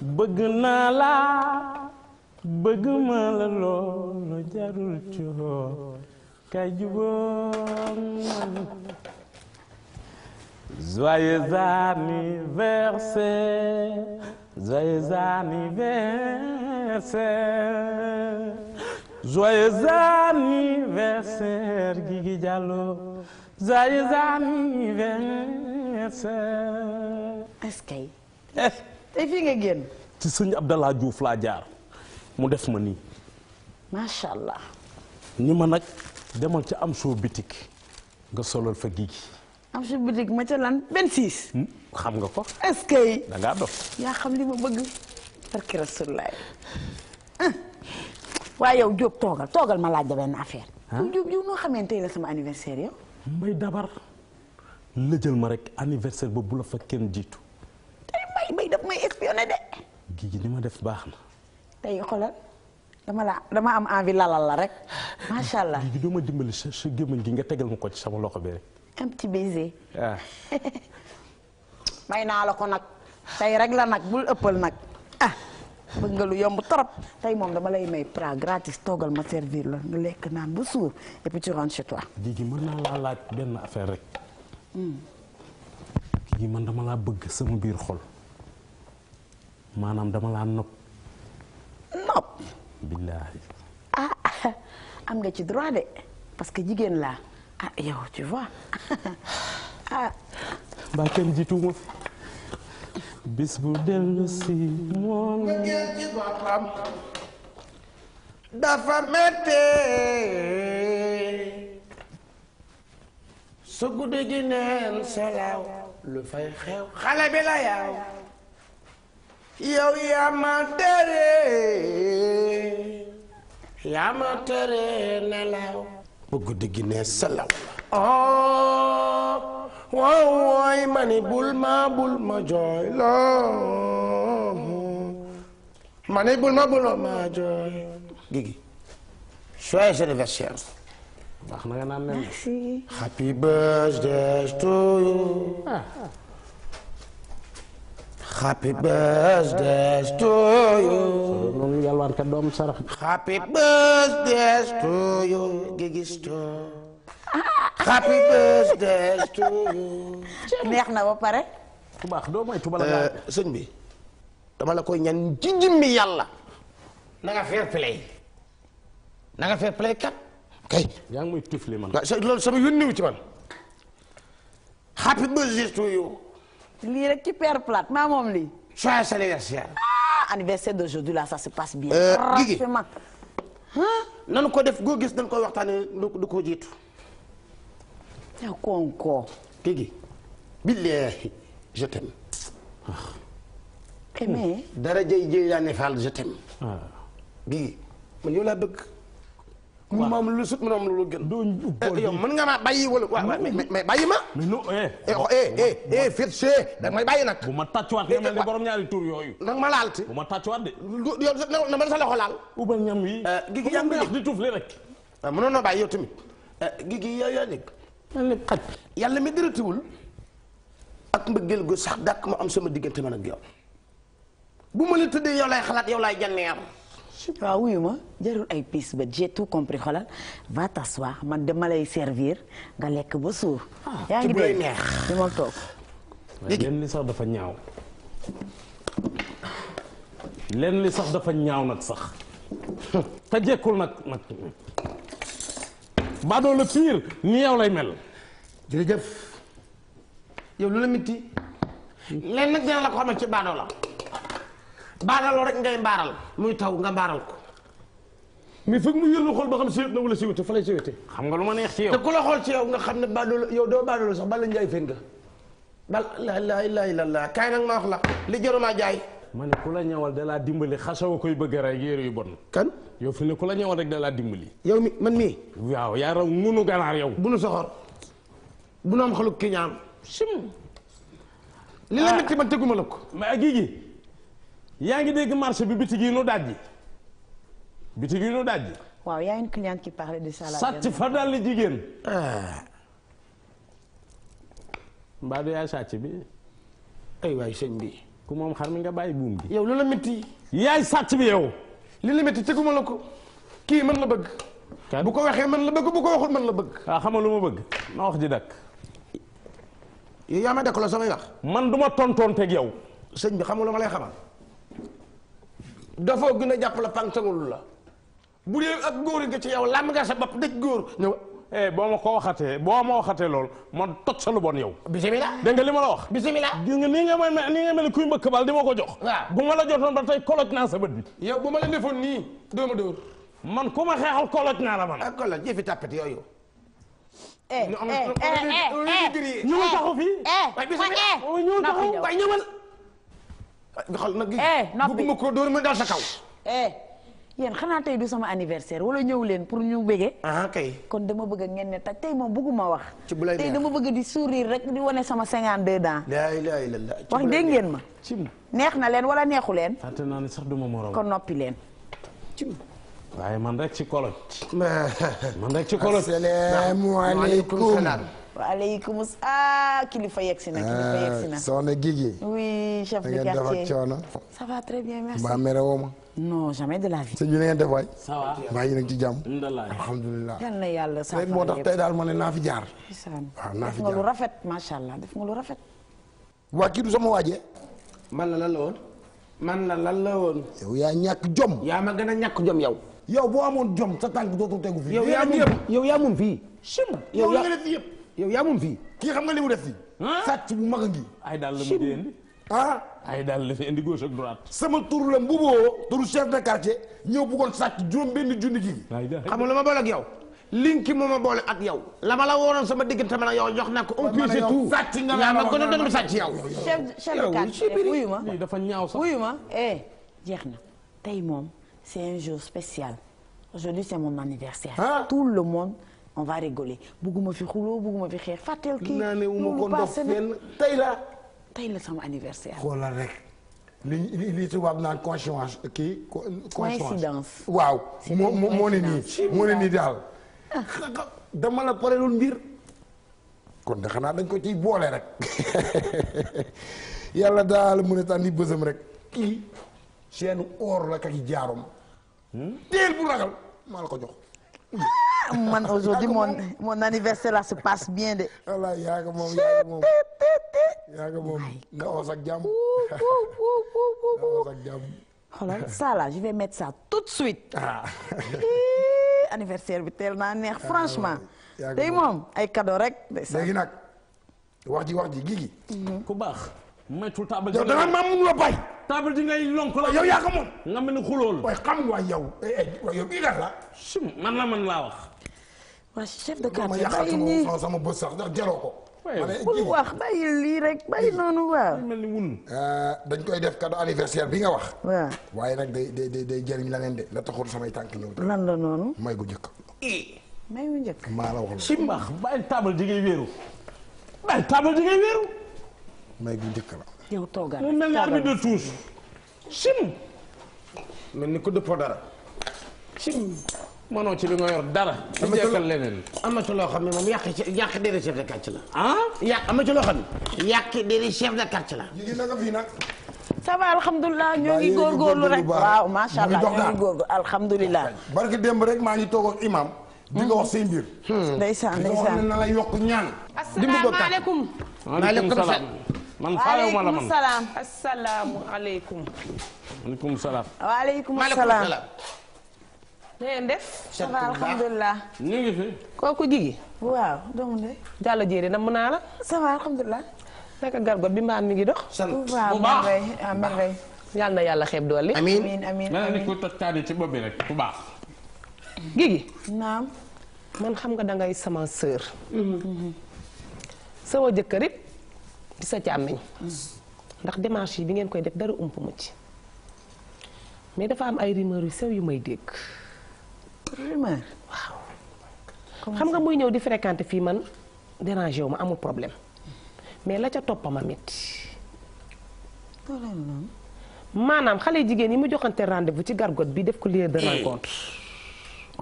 bëgg naa la bëgg ma la loolu jarul coow kay juboom joyeux anniversaire joyeux anniversaire joyeux anniversaire Guigui Diallo joyeux anniversaire est tey fii nga génn. ci sëñ Abdallah Diouf laa jaar mu def ma nii. macha allah. ni ma nag demal ca am soo bitik nga solal fa gi gi am soo bitik ma ca lan benn siis. Hmm? xam nga ko. est-ce que. da yaa xam li ma bëgg. barki rasulaay. waaye yow Diop toogal toogal ma laa la benn affaire. ah Diop Diop noo xamante ne la sama anniversaire yow. may dabar lëjal ma rek anniversaire ba bu la fa kenn jiitu. may espionné de. Guigui li ma def baax na. tey xoolal dama la dama am envie lalal la rek macha allah. Guigui doo dimbali sa sa gémmañ gi nga tegal ma ko ci sama loxo bi rek. un ah. may naa la ko nag tey rek la nag bul ëppal nag ah bëgg nga lu yomb trop tey moom dama lay may pra gratis toogal ma servir la nga lekk naan ba suur et puis tu rentres chez toi. Guigui mën naa laa laaj benn affaire rek. Hmm. Guigui man dama laa bëgg sama biir xol. maanaam dama laa nopp nopp billaahi ah, am nga ci droit de parce que jigéen laa ah yow tu vois ah mbaa kenn jiituuma moom dafa mettee su guddi gi neen salaw fay xew xale bi la yaaw yow yaa ma tere yaa tere nelaw bu guddi ne salaw oh waaw waay bul ma bul ma jooy loo ma bul ma bul ma jooy gigi joyeux anniversaire baax na nga naan merci happy birthday to you ah, ah. Happy birthday to you. noonu yàlwaan ka doom sarax. Happy birthday to you. Gigi Store. Happy birthday to you. neex na ba pare. ku baax doo moytu bala ngaa. Euh, bi dama la koy ñaan ci jimmi yàlla. na nga fair play. na nga fair play kat. kay yaa ngi muy man. loolu sama yónni wu ci man. Happy birthday to you. lii rek ci père plate maa moom lii. joyeux anniversaire. ah anniversaire d'aujourd'hui là se passe bien. Euh, Gigi nanu ko def goo gis nañu ko waxta du ko jiitu. yaa konkoo. Gigi. billahi je t'aime. Ah. mais. dara jëy jëy yaa ne Fall je t'aime. Ah. Gigi man yow laa bëgg. mu ma am lu sut mu am lu gën. Eh, yow mën nga maa bàyyi wala waaw mais bàyyi ma. mais non eh. eh, oh, eh ma da waat bàyyi nag. ma tàccuwaat nga mel ni borom ñaari tur yooyu. nag ma laal te. bu ma tàccuwaat de. na ma sa loxo laal. ubal ñam yi. gi gi yaa ngi di tuuf li rek. waaw mënoon na bàyyi yow tamit. gi gi yaa yaa nekk. xaj yàlla mi dërëtiwul. ak mbëggeel gu sax dàkk ma am sama diggante man ak yow. bu ma la tëddee yow lay xalaat yow lay am waaw wuyu ma jarul ay piis ba j'ai tout compris xolal va t'asseoir man dama lay servir nga lekk ba suur. Ah, yaa ngi dégg li ma toog. lenn li sax dafa ñaaw lenn dafa ñaaw nag sax te jekkul nag nag baadoo la pire lay mel. jërëjëf yow lu la mitti. lenn nag dina la ko ci baadoo baaraloo rek ngay mbaaral muy taw nga mbaaral ko mais foog mu yërnu xool ba xam siwét na wala siwéte fa lay siwéte xam nga lu ma neex ci yow xool ci yow nga xam ne baadolo yow doo baadolo sax bala njaay fen nga bal la ilaha illa allah kaay nag ma wax la li jaruma jaay ma ne ku la ñawal da laa dimbali xasaw koy bëgg rek yére yu bon kan yow fi ne ku la ñawal rek da laa dimbali yow mi man mii waaw yaa raw ngunu ganaar yow bu nu soxor bu nu am xaluk ki ñaam sim li la ah. métti ma teguma la ko mais ak gi yaa ngi dégg marché bi bitig yi nu dajji bitig yi nu dajji. waaw y a une cliente qui parlait de ça. sàcc fa dal li jigéen. Ah. mbaa du yaay sàcc bi. ay waay sëñ bi. ku moom xar mi nga bàyyi buum bi. yow lu la metti yaay sàcc bi yow. li la métti teguma la ko. kii mën la bëgg. bu ko waxee mën la bëgg bu ko waxul mën la bëgg. waaw ah, xam nga lu ma bëgg. ma wax di dakk yow yaa ma dakk la samay wax. man duma ma tontoon teg yow. sëñ bi xam nga lu ma lay xamal. dafoo gën a jàpp la pàntaŋul la bu dee ak góor nga ci yow làmm nga sa bopp dëj góor ñëw boo ma ko waxatee boo ma waxatee lool man toj sa lu bon yow. bisimilah dégg nga li ma la wax. bisimilah gis nga nii nga may mel nii nga mel kuy mbëkk bal di ma ko jox. waaw bu ma la jotoon ba tey koloj naa sa bët bi. yow bu ma la defoon nii doo ma dóor. man ku ma xeexal koloj naa la man. ah koloj jëfi tapet yooyu. eh eh eh eh ñu fii. eh ma eh. ñu ngi taxaw xool nag. Eh, noppi bëgguma ko dóor ma dal sa kaw. Eh, yéen xanaa tey du sama anniversaire wala ñëw leen pour ñu bëggee. ah kay kon dama bëgg ngeen ne taj tey moom bëgguma wax. ci bu lay tey dama bëgg di sourire rek di wane sama 52 ans. la ilaha illallah wax dégg ngeen ma. neex na leen wala neexu leen. fàtte naa ne sax duma morom. kon noppi leen. waaye man rek ci koloj. man rek ci koloj. asalaamaaleykum salaam. Ah, kilifa yegg si na kilifa yegg si na. Ah, soxna Guigui. oui chef de quartier woo ma. non jamais de la vie. sëñ bi na ngeen def waay. ci jàmm. alhamdulilah. yal na yàlla saafara yëpp moo tax tey daal ma ne naa fi jaar. waaw naa jaar lu rafet macha allah def nga lu waa kii du sama waajee. man la lan la woon. man la lan yaa ñàkk jom. yaa ma gën a ñàkk jom yow. yow boo amoon jom sa tànk dootul tegu fii. yow yaa mun yow yaa mun fii. sim yow yaa def yëpp. yow yaa mun fii. kii xam nga li mu def fii. sàcc bu mag a ngi. ay daal la mu di indi. ah ay indi gauche ak sama tur la mbuboo turu chef de quartier ñëw bëggoon sàcc juróom benn junni gi. xam nga lu ma boole ak yow. linki moom a boole ak yow. la ma la wóoroon sama diggante ma la yow jox na ko. on puisse tout nga la ma gën a doon sàcc yow. chef chef de quartier wuyu dafa ñaaw sax wuyu eh, jeex na tey moom c'est un jour spécial aujourd'hui c'est mon anniversaire. tout le monde on va rigoler bugguma fi xuloo bugguma fi xeex fàtteel kii. naa ne wu ko ndox fenn tey la. tey la sama anniversaire. xoolal rek li li li tubaab naan conscience kii. coïncidence waaw moo ne nii moo ne nii daal. dama la parelul mbir. kon de xanaa dañ ko ci boole rek yàlla daal mu ne tànn ni bësam rek kii seenu or la kaki jaarom téel bu ragal maa la ko jox. man aujourd'hui mon mon anniversaire là se passe bien de. voilà yaa ngi moom yaa ngi moom yaa ngi moom nga os ak jàmm nga os ak jàmm. xoolal ça là je vais mettre ça tout de suite. Ah. Eh, anniversaire bi teel naa neex ah, franchement. tey moom ay cadeau rek. léegi nag wax ji wax ji gigi. Mhm. ku baax. mais tout table yow da nga maa mun la bay. table ji ngay lonk la. yow yaa ko moom. nga mel ni xulool. waaye xam nga yow. Eh, eh, yow bii la. si man la man laa wax. waa chef de quartier bàyyi sama bës sax ko. lii rek bàyyi noonu mel ni wun. Eh, dañ koy def cadeau anniversaire bi nga wax. waaw waaye nag day day day jëriñ la leen de la taxul samay tànk ñëw. lan la noonu. may gu njëkk. may gu njëkk. maa la wax. si mbaax bàyyi table ji ngay wéeru. bàyyi table ji ngay wéeru. may bu njëkk la. yow toogal moom mel ni arbitre de tous. sim. mel ni ku dëppoo dara. sim. mënoo ci li nga yor dara. am na ci leneen am na loo xam ne moom yàq ci yàq déedéet chef de quartier la. ah yàq am na loo xam ne. yàq déedéet chef de quartier la. jigéen naka fii nag. ça va alhamdulilah ñoo rek waaw macha allah rek maa ngi toog ak imam. di nga wax seen mbir. ndeysaan hmm. ndeysaan di yokk ñaan. asalaamaaleykum. maaleykum salaam. man faalewuma la man salaam asalaamualeykum. maaleykum salaam. waaleykum salaam. na ngeen def. ça va alhamdulilah. ñu ngi la. sama va alhamdulilah. naka garab bi mbaa mi ngi dox. sant bu baax bu ah, yàlla na yàlla xeeb doole. amiin amiin amiin mel ni ku ci bopp bi rek bu baax. man xam nga dangay sama sœur. Mhm. sama jëkkër it di sa càmmiñ ndax démarche yi bi ngeen koy def dara ump ma ci mais dafa am ay rumeur yu sew yu may dégg rumeur waaw xam nga muy ñëw di fréquenter fii man dérangé wu ma amul problème mais la ca toppama metti maanaam xale jigéen yi mu joxante rendez-vous ci gargot bi def ko lieu de rencontre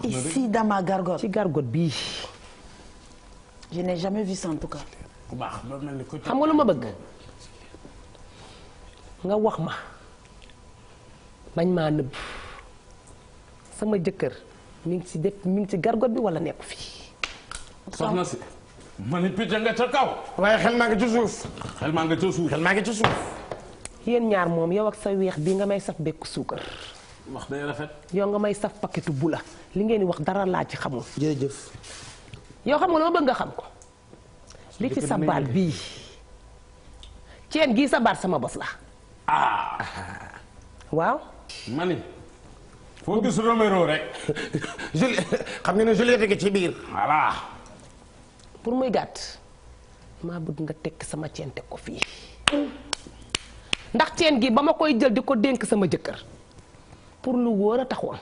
i dans ma gargote ci gargote bii je n'ai jamais vu ça bu baax loolu mel ni xam nga lu ma bëgg nga wax ma bañ maa nëbb sama jëkkër mi ngi ci def mi ngi ci gargot bi wala nekku fi soxna si ma ni picc nga ca kaw waaye xel maa ngi ci suuf xel maa ngi ci suuf xel maa ngi ci yéen ñaar moom yow ak sa weex bi nga may saf bekku suukar wax day rafet yow nga may saf paketu bu la li ngeen di wax dara laa ci xamul jërëjëf yow xam nga lu ma bëgg nga xam ko li ci sa bii ceen gii sa sama bos la ah waaw mani foo gis Romero rek Juliette xam nga ne Juliette gi ci biir voilà pour muy gàtt maa bëgg nga tekk sama ceen teg ko fii ndax ceen gi ba ma koy jël di ko dénk sama jëkkër pour lu wóor a taxoon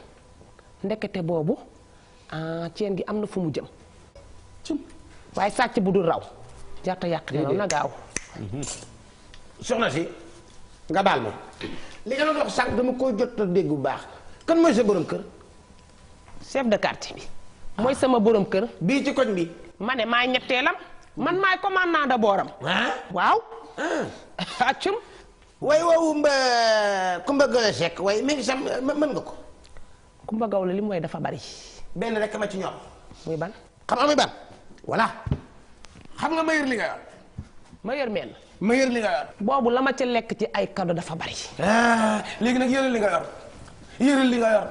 ndekete boobu ah ceen gi am na fu mu jëm waaye sàcc bu dul raw jarta yàq nelaw na gaaw mhm. soxna si nga baal ma li nga doon wax sànq dama koy jot a dégg bu baax kan mooy sa borom kër chef de quartier bi ah. mooy sama borom kër bii ci koñ bi ma ne maay ñetteelam man maay commandant de booram ah. waaw accum ah. way woowu mba Kumba Gawlo Seck way mi ngi sam mën nga ko Kumba Gawlo li mu way dafa bari benn rek ma ci ñor muy ban xam amuy ban voilà xam nga ma yër li ma yër mel. ma yër li boobu la ma ci lekk ci ay kado dafa bari. Ah, léegi nag yëral li nga yor yëral li nga yor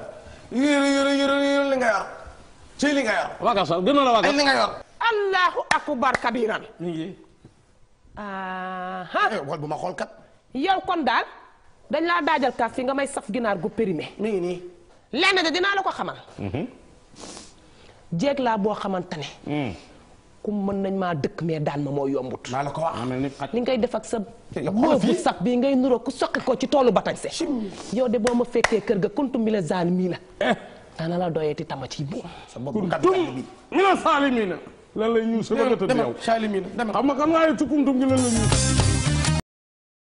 yëral yëral yëral sax gën na la waaw ay li allahu akbar kabiran. Eh, wal bu kon daal dañ laa daajal kaaf fi nga may saf ginaar gu périmé. nii. lenn de dinaa la ko xamal. Mhm. jéeg laa boo xamante ne. Mm. kum mën nañ maa dëkk mais daan ma moo yombut. maa la ko wax li ngay def ak sa. boobu sax bi ngay nuroo ku soqi ko ci toolu batañse. yow de boo ma fekkee kër ga kuntum bi la zaal mii la. Eh. dana la doyati tama ci bu. sa bopp kuntum la saali mii la. la lay ñuul sa bëgg a tëdd yow. saali mii xam nga kan waaye ci kuntum gi lan la ñuul.